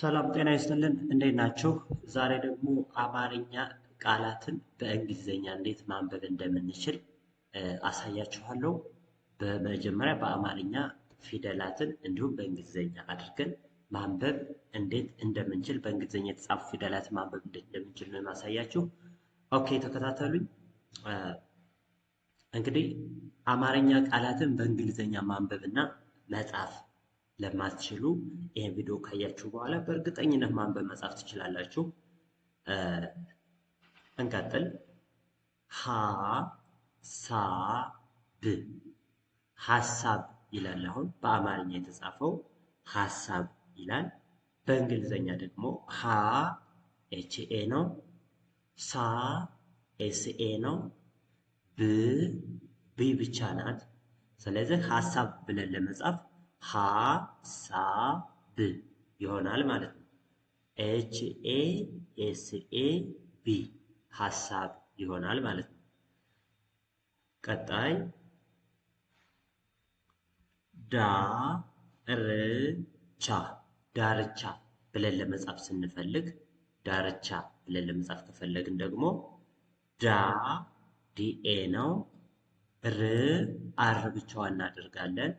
ሰላም ጤና ይስጥልን፣ እንዴት ናችሁ? ዛሬ ደግሞ አማርኛ ቃላትን በእንግሊዝኛ እንዴት ማንበብ እንደምንችል አሳያችኋለሁ። በመጀመሪያ በአማርኛ ፊደላትን እንዲሁም በእንግሊዝኛ አድርገን ማንበብ እንዴት እንደምንችል በእንግሊዝኛ የተጻፉ ፊደላትን ማንበብ እንዴት እንደምንችል ነው የማሳያችሁ። ኦኬ ተከታተሉኝ። እንግዲህ አማርኛ ቃላትን በእንግሊዝኛ እና መጻፍ ለማትችሉ ይህን ቪዲዮ ካያችሁ በኋላ በእርግጠኝነት ማንበብ መጻፍ ትችላላችሁ። እንቀጥል። ሀ ሳ ብ ሀሳብ ይላል። አሁን በአማርኛ የተጻፈው ሀሳብ ይላል። በእንግሊዘኛ ደግሞ ሀ ኤችኤ ነው። ሳ ኤስኤ ነው። ብ ቢ ብቻ ናት። ስለዚህ ሀሳብ ብለን ለመጻፍ ሀሳብ ይሆናል ማለት ነው። ኤች ኤ ኤስ ኤ ቢ ሀሳብ ይሆናል ማለት ነው። ቀጣይ ዳርቻ ዳርቻ ብለን ለመጻፍ ስንፈልግ ዳርቻ ብለን ለመጻፍ ከፈለግን ደግሞ ዳ ዲኤ ነው። ር አር ብቻዋን እናደርጋለን።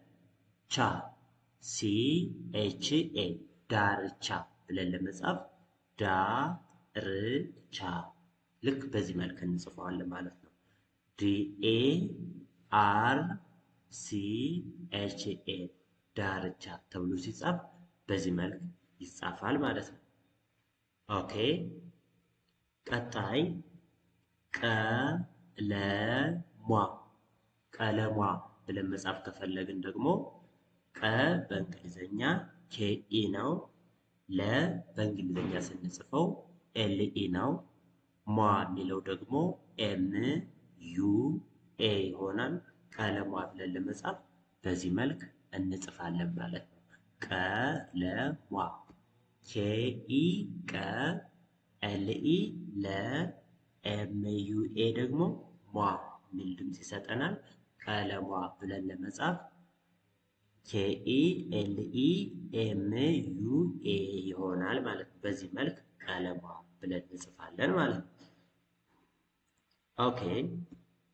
ቻ ሲ ኤች ኤ ዳርቻ ብለን ለመጻፍ ዳርቻ ልክ በዚህ መልክ እንጽፈዋለን ማለት ነው። ዲኤ አር ሲ ኤች ኤ ዳርቻ ተብሎ ሲጻፍ በዚህ መልክ ይጻፋል ማለት ነው። ኦኬ ቀጣይ ቀለሟ ቀለሟ ብለን መጻፍ ከፈለግን ደግሞ ቀ በእንግሊዘኛ ኬኢ ነው። ለ በእንግሊዘኛ ስንጽፈው ኤልኢ ነው። ሟ የሚለው ደግሞ ኤም ዩ ኤ ይሆናል። ቀለሟ ብለን ለመጻፍ በዚህ መልክ እንጽፋለን ማለት ነው። ቀለሟ ኬኢ ቀ ኤልኢ ለ ኤም ዩ ኤ ደግሞ ሟ የሚል ድምፅ ይሰጠናል። ቀለሟ ብለን ለመጻፍ ኬኢ ኤልኢ ኤም ዩ ኤ ይሆናል ማለት ነው። በዚህ መልክ ቀለሟ ብለን እንጽፋለን ማለት ነው። ኦኬ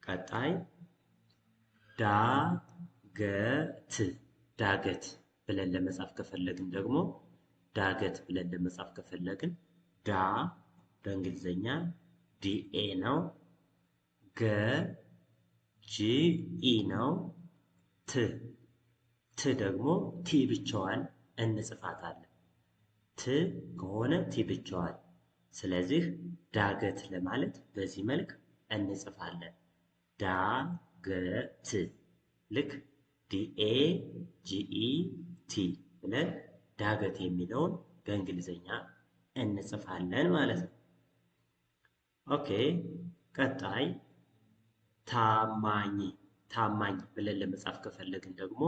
ቀጣይ ዳገት ዳገት ብለን ለመጻፍ ከፈለግን ደግሞ ዳገት ብለን ለመጻፍ ከፈለግን ዳ በእንግሊዘኛ ዲኤ ነው። ገ ጂኢ ነው። ት ደግሞ ቲ ብቻዋን እንጽፋታለን። ት ከሆነ ቲ ብቻዋን። ስለዚህ ዳገት ለማለት በዚህ መልክ እንጽፋለን። ዳገት ልክ ዲኤ ጂኢ ቲ ብለን ዳገት የሚለውን በእንግሊዝኛ እንጽፋለን ማለት ነው። ኦኬ ቀጣይ ታማኝ ታማኝ ብለን ለመጻፍ ከፈለግን ደግሞ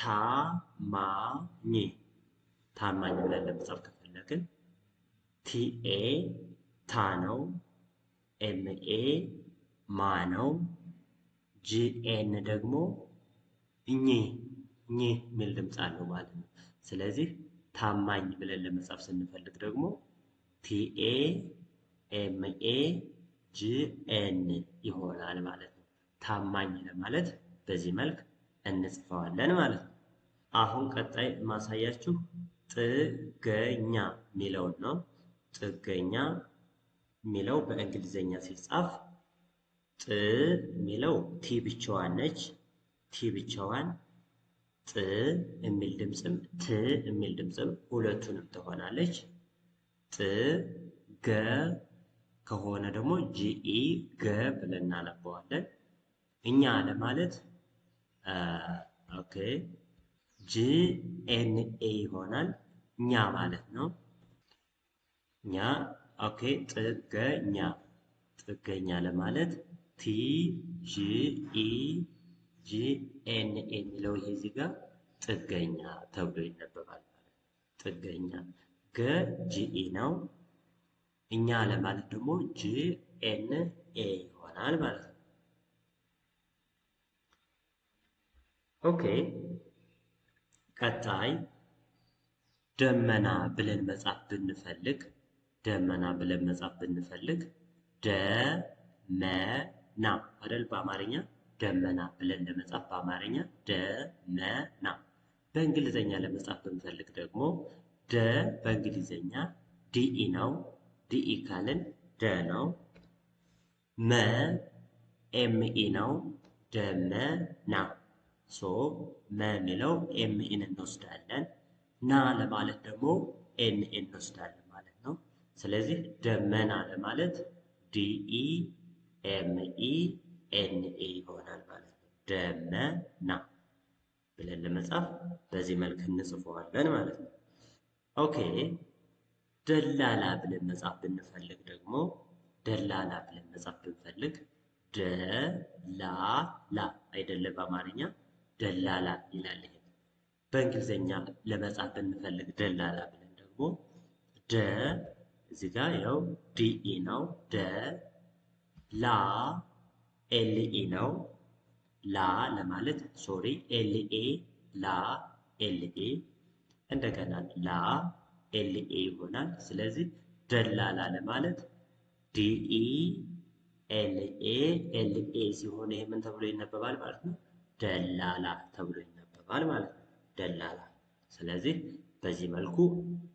ታማኝ ታማኝ ብለን ለመጻፍ ከፈለግን ቲኤ ታ ነው። ኤምኤ ማ ነው። ጂኤን ደግሞ እኚ እኚ የሚል ድምፅ አለው ማለት ነው። ስለዚህ ታማኝ ብለን ለመጻፍ ስንፈልግ ደግሞ ቲኤ ኤምኤ ጂኤን ይሆናል ማለት ነው። ታማኝ ለማለት በዚህ መልክ እንጽፈዋለን ማለት ነው። አሁን ቀጣይ ማሳያችሁ ጥገኛ የሚለውን ነው። ጥገኛ የሚለው በእንግሊዘኛ ሲጻፍ ጥ የሚለው ቲ ብቻዋን ነች። ቲ ብቻዋን ጥ የሚል ድምፅም ት የሚል ድምፅም ሁለቱንም ትሆናለች። ጥ ገ ከሆነ ደግሞ ጂኢ ገ ብለን እናነበዋለን። እኛ ለማለት ኦኬ ጂ ኤን ኤ ይሆናል። እኛ ማለት ነው። እኛ ኦኬ። ጥገኛ ጥገኛ ለማለት ቲ ጂ ኢ ጂ ኤን ኤ የሚለው ይሄ እዚህ ጋር ጥገኛ ተብሎ ይነበባል። ጥገኛ ገ ጂኢ ነው። እኛ ለማለት ደግሞ ጂ ኤን ኤ ይሆናል ማለት ነው። ኦኬ ቀጣይ ደመና ብለን መጻፍ ብንፈልግ ደመና ብለን መጻፍ ብንፈልግ ደመና አይደል? በአማርኛ ደመና ብለን ለመጻፍ በአማርኛ ደመና። በእንግሊዘኛ ለመጻፍ ብንፈልግ ደግሞ ደ በእንግሊዘኛ ዲኢ ነው። ዲኢ ካልን ደ ነው። መ ኤምኢ ነው። ደመና ሶ መሚለው ኤምኤን እንወስዳለን። ና ለማለት ደግሞ ኤንኤን እንወስዳለን ማለት ነው። ስለዚህ ደመና ለማለት ዲኢ ኤምኢ ኤንኤ ይሆናል ማለት ነው። ደመና ብለን ለመጻፍ በዚህ መልክ እንጽፈዋለን ማለት ነው። ኦኬ ደላላ ብለን መጻፍ ብንፈልግ ደግሞ ደላላ ብለን መጻፍ ብንፈልግ ደላላ አይደለም በአማርኛ ደላላ ይላል። በእንግሊዘኛ ለመጻፍ ብንፈልግ ደላላ ብለን ደግሞ ደ እዚህ ጋር ያው ዲኢ ነው። ደ ላ ኤልኢ ነው። ላ ለማለት ሶሪ ኤልኤ ላ ኤልኤ እንደገና ላ ኤልኤ ይሆናል። ስለዚህ ደላላ ለማለት ዲኢ ኤልኤ ኤልኤ ሲሆን ይሄ ምን ተብሎ ይነበባል ማለት ነው? ደላላ ተብሎ ይነበባል ማለት ነው። ደላላ። ስለዚህ በዚህ መልኩ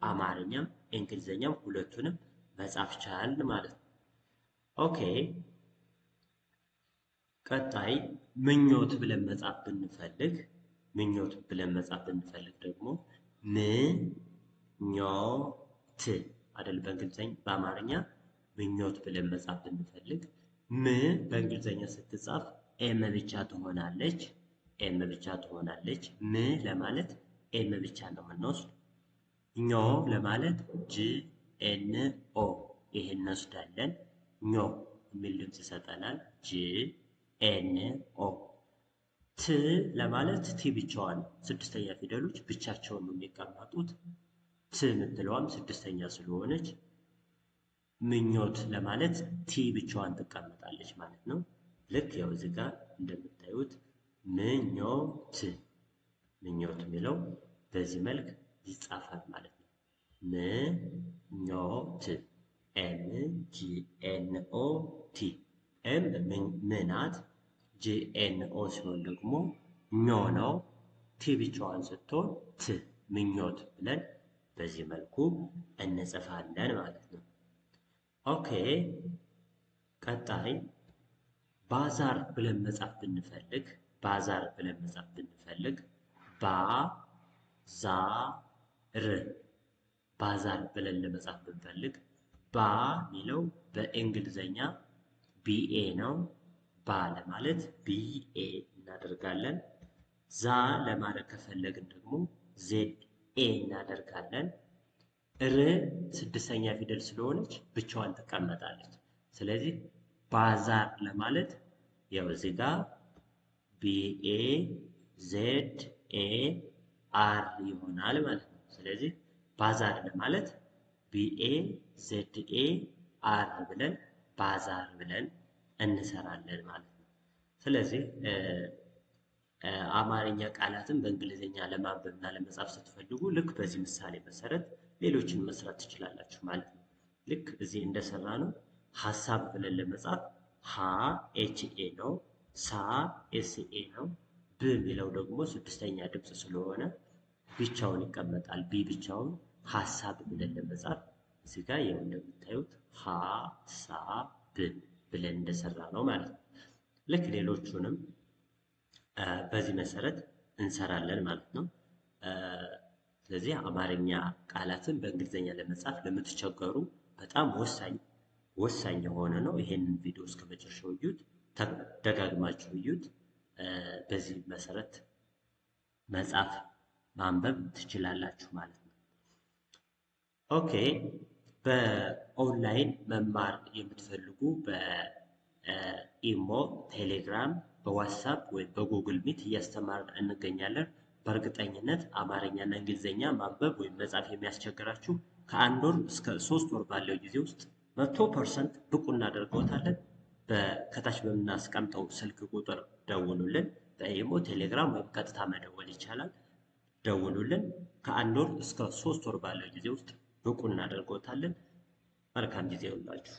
አማርኛም እንግሊዘኛም ሁለቱንም መጻፍ ቻልን ማለት ነው። ኦኬ ቀጣይ ምኞት ብለን መጻፍ ብንፈልግ ምኞት ብለን መጻፍ ብንፈልግ ደግሞ ምኞት አይደል? በእንግሊዘኛ በአማርኛ ምኞት ብለን መጻፍ ብንፈልግ ም በእንግሊዘኛ ስትጻፍ ኤም ብቻ ትሆናለች። ኤም ብቻ ትሆናለች። ም ለማለት ኤም ብቻ ነው የምንወስድ። ኞ ለማለት ጂ ኤን ኦ ይሄ እንወስዳለን። ኞ የሚል ድምፅ ይሰጠናል። ጂ ኤን ኦ። ት ለማለት ቲ ብቻዋን ስድስተኛ ፊደሎች ብቻቸውን ነው የሚቀመጡት። ት የምትለዋም ስድስተኛ ስለሆነች ምኞት ለማለት ቲ ብቻዋን ትቀመጣለች ማለት ነው። ልክ ያው እዚህ ጋር እንደምታዩት ምኞት ምኞት የሚለው በዚህ መልክ ይጻፋል ማለት ነው። ምኞት ኤም ጂ ኤን ኦ ቲ ኤም ምናት ጂ ኤን ኦ ሲሆን ደግሞ ኞ ነው። ቲ ብቻዋን ስትሆን ት ምኞት ብለን በዚህ መልኩ እንጽፋለን ማለት ነው። ኦኬ ቀጣይ ባዛር ብለን መጻፍ ብንፈልግ ባዛር ብለን መጻፍ ብንፈልግ ባ ዛ ር ባዛር ብለን ለመጻፍ ብንፈልግ ባ የሚለው በእንግሊዘኛ ቢኤ ነው። ባ ለማለት ቢኤ እናደርጋለን። ዛ ለማድረግ ከፈለግን ደግሞ ዜድ ኤ እናደርጋለን። ር ስድስተኛ ፊደል ስለሆነች ብቻዋን ትቀመጣለች። ስለዚህ ባዛር ለማለት ያው እዚህ ጋር ቢኤ ዜድ ኤ አር ይሆናል ማለት ነው። ስለዚህ ባዛር ለማለት ቢኤ ዜድ ኤ አር ብለን ባዛር ብለን እንሰራለን ማለት ነው። ስለዚህ አማርኛ ቃላትን በእንግሊዝኛ ለማንበብና ለመጻፍ ስትፈልጉ ልክ በዚህ ምሳሌ መሰረት ሌሎችን መስራት ትችላላችሁ ማለት ነው። ልክ እዚህ እንደሰራ ነው ሀሳብ ብለን ለመጻፍ ሀ ኤች ኤ ነው። ሳ ኤስ ኤ ነው። ብ የሚለው ደግሞ ስድስተኛ ድምፅ ስለሆነ ብቻውን ይቀመጣል። ቢ ብቻውን ሀሳብ ብለን ለመጻፍ እዚህ ጋር ያው እንደምታዩት ሀ ሳ ብ ብለን እንደሰራ ነው ማለት ነው። ልክ ሌሎቹንም በዚህ መሰረት እንሰራለን ማለት ነው። ስለዚህ አማርኛ ቃላትን በእንግሊዝኛ ለመጻፍ ለምትቸገሩ በጣም ወሳኝ ወሳኝ የሆነ ነው። ይሄን ቪዲዮ እስከ መጨረሻው እዩት፣ ደጋግማችሁ እዩት። በዚህ መሰረት መጻፍ ማንበብ ትችላላችሁ ማለት ነው። ኦኬ በኦንላይን መማር የምትፈልጉ በኢሞ፣ ቴሌግራም፣ በዋትሳፕ ወይም በጉግል ሚት እያስተማርን እንገኛለን። በእርግጠኝነት አማርኛና እንግሊዝኛ ማንበብ ወይም መጻፍ የሚያስቸግራችሁ ከአንድ ወር እስከ ሶስት ወር ባለው ጊዜ ውስጥ መቶ ፐርሰንት ብቁ እናደርገውታለን። ከታች በምናስቀምጠው ስልክ ቁጥር ደውሉልን። በኢሞ ቴሌግራም ወይም ቀጥታ መደወል ይቻላል። ደውሉልን። ከአንድ ወር እስከ ሶስት ወር ባለው ጊዜ ውስጥ ብቁ እናደርገውታለን። መልካም ጊዜ ይሁንላችሁ።